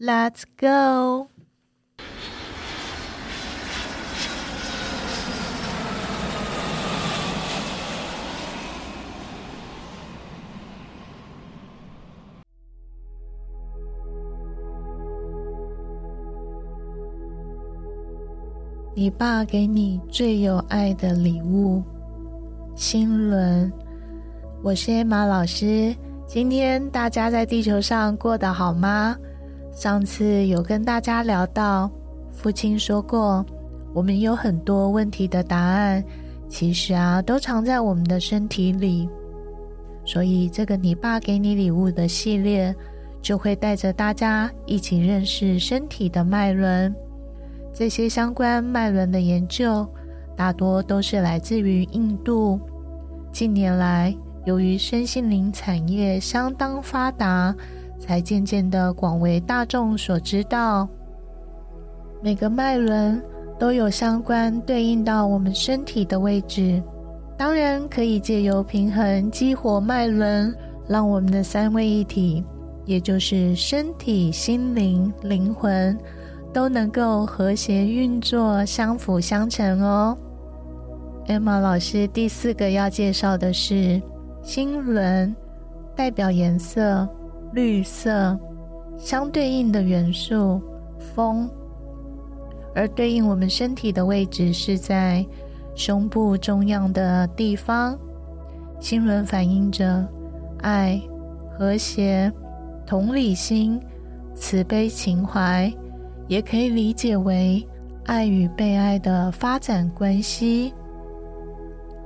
Let's go。你爸給你最有愛的禮物，心輪。我是 Emma 老師。今天大家在地球上過得好嗎？上次有跟大家聊到，父親說過，我們有很多問題的答案，其實啊，都藏在我們的身體裡。所以，這個你爸給你禮物的系列，就會帶着大家一起認識身體的脈輪。這些相關脈輪的研究，大多都是來自於印度。近年來，由於身心靈產業相當發達，才漸漸的廣為大眾所知道。每個脈輪都有相關對應到我們身體的位置，當然可以借由平衡激活脈輪，讓我們的三位一體，也就是身體、心靈、靈魂，都能夠和諧運作，相輔相成哦。Emma 老師第四個要介紹的是心輪，代表顏色，綠色，相對應的元素風，而對應我們身體的位置是在胸部中央的地方。心輪反映着愛、和諧、同理心、慈悲情懷，也可以理解為愛與被愛的發展關係。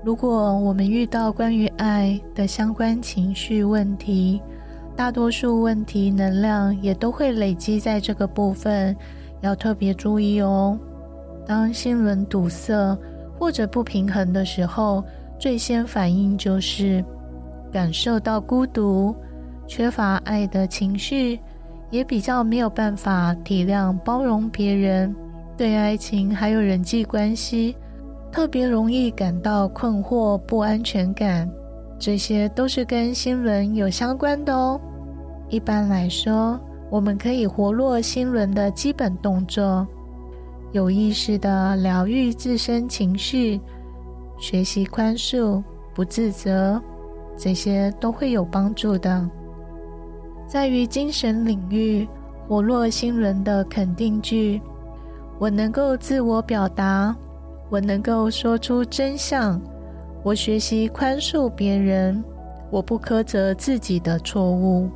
如果我們遇到關於愛的相關情緒問題，大多數問題能量也都會累積在這個部分，要特別注意哦。當心輪堵塞或者不平衡的時候，最先反應就是感受到孤獨、缺乏愛的情緒，也比較沒有辦法體諒包容別人。對愛情還有人際關係，特別容易感到困惑、不安全感。這些都是跟心輪有相關的哦。一般來說，我們可以活絡心輪的基本動作，有意識的療癒自身情緒，學習寬恕、不自責，這些都會有幫助的。在於精神領域，活絡心輪的肯定句：我能夠自我表達，我能夠說出真相。我學習寬恕別人，我不苛責自己的錯誤。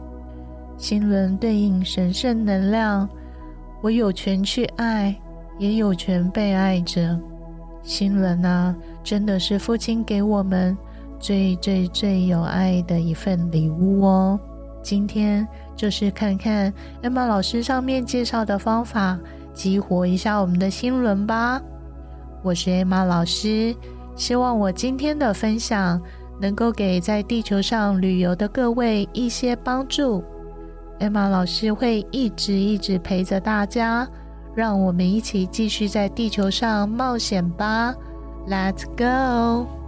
心輪對應神聖能量，我有權去愛，也有權被愛着。心輪啊，真的是父親給我們最最最有愛的一份禮物哦。今天就是看看 Emma 老師上面介紹的方法，激活一下我們的心輪吧。我是 Emma 老師。希望我今天的分享能夠給在地球上旅遊的各位一些幫助。Emma 老師會一直一直陪着大家，讓我們一起繼續在地球上冒險吧！Let's go。